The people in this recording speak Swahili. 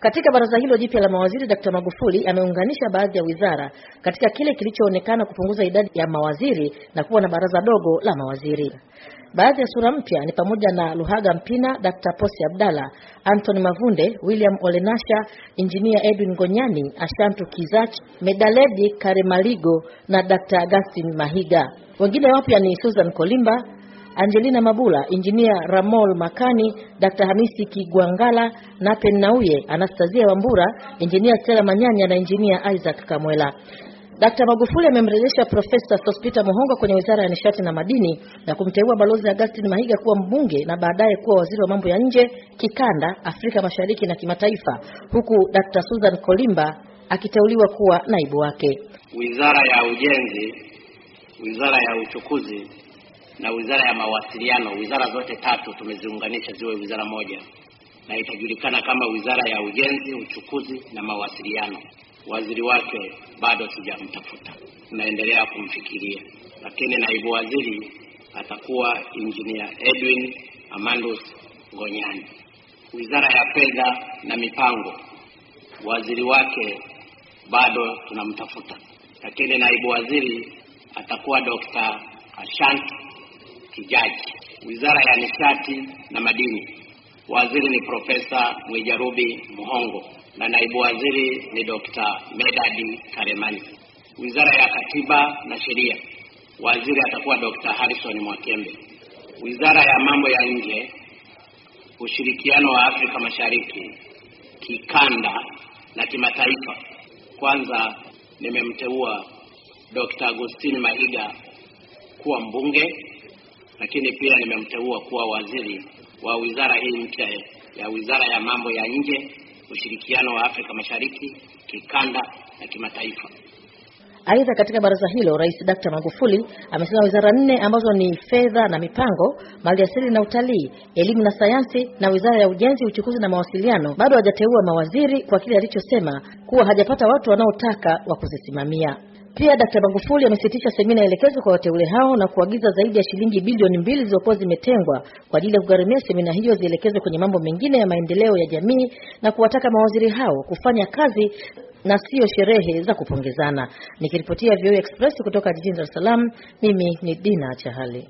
Katika baraza hilo jipya la mawaziri, Dkt. Magufuli ameunganisha baadhi ya wizara katika kile kilichoonekana kupunguza idadi ya mawaziri na kuwa na baraza dogo la mawaziri. Baadhi ya sura mpya ni pamoja na Luhaga Mpina, Dkt. Posi Abdalla, Anthony Mavunde, William Olenasha, Injinia Edwin gonyani Ashantu kizachi Medaledi Karemaligo na Dkt. Agustin Mahiga. Wengine wapya ni Susan Kolimba Angelina Mabula, Injinia Ramol Makani, Dr. Hamisi Kigwangala, Napen Nauye, Anastasia Wambura, Injinia Stella Manyanya na Injinia Isaac Kamwela. Dr. Magufuli amemrejesha Profesa Sospeter Muhongo kwenye Wizara ya Nishati na Madini na kumteua Balozi Augustine Mahiga kuwa mbunge na baadaye kuwa waziri wa mambo ya nje kikanda, Afrika Mashariki na kimataifa, huku Dr. Susan Kolimba akiteuliwa kuwa naibu wake. Wizara ya Ujenzi, Wizara ya Uchukuzi na wizara ya mawasiliano, wizara zote tatu tumeziunganisha ziwe wizara moja na itajulikana kama wizara ya ujenzi, uchukuzi na mawasiliano. Waziri wake bado sijamtafuta, naendelea kumfikiria, lakini naibu waziri atakuwa Engineer Edwin Amandus Ngonyani. Wizara ya fedha na mipango, waziri wake bado tunamtafuta, lakini naibu waziri atakuwa Dr. Ashanti Kijaji, Wizara ya Nishati na Madini, waziri ni Profesa Mwijarubi Mhongo na naibu waziri ni Dr. Medadi Karemani. Wizara ya Katiba na Sheria, waziri atakuwa Dr. Harrison Mwakembe. Wizara ya Mambo ya Nje, Ushirikiano wa Afrika Mashariki, Kikanda na Kimataifa, kwanza nimemteua Dr. agustini Mahiga kuwa mbunge lakini pia nimemteua kuwa waziri wa wizara hii mpya ya Wizara ya Mambo ya Nje, Ushirikiano wa Afrika Mashariki, Kikanda na Kimataifa. Aidha, katika baraza hilo Rais Dkt. Magufuli amesema wizara nne ambazo ni fedha na mipango, maliasili na utalii, elimu na sayansi na wizara ya ujenzi, uchukuzi na mawasiliano bado hajateua mawaziri kwa kile alichosema kuwa hajapata watu wanaotaka wa kuzisimamia. Pia Dkt. Magufuli amesitisha semina elekezo kwa wateule hao na kuagiza zaidi ya shilingi bilioni mbili zilizokuwa zimetengwa kwa ajili ya kugharamia semina hiyo zielekezwe kwenye mambo mengine ya maendeleo ya jamii na kuwataka mawaziri hao kufanya kazi na sio sherehe za kupongezana. Nikiripotia VOA e Express kutoka jijini Dar es Salaam, mimi ni Dina Chahali.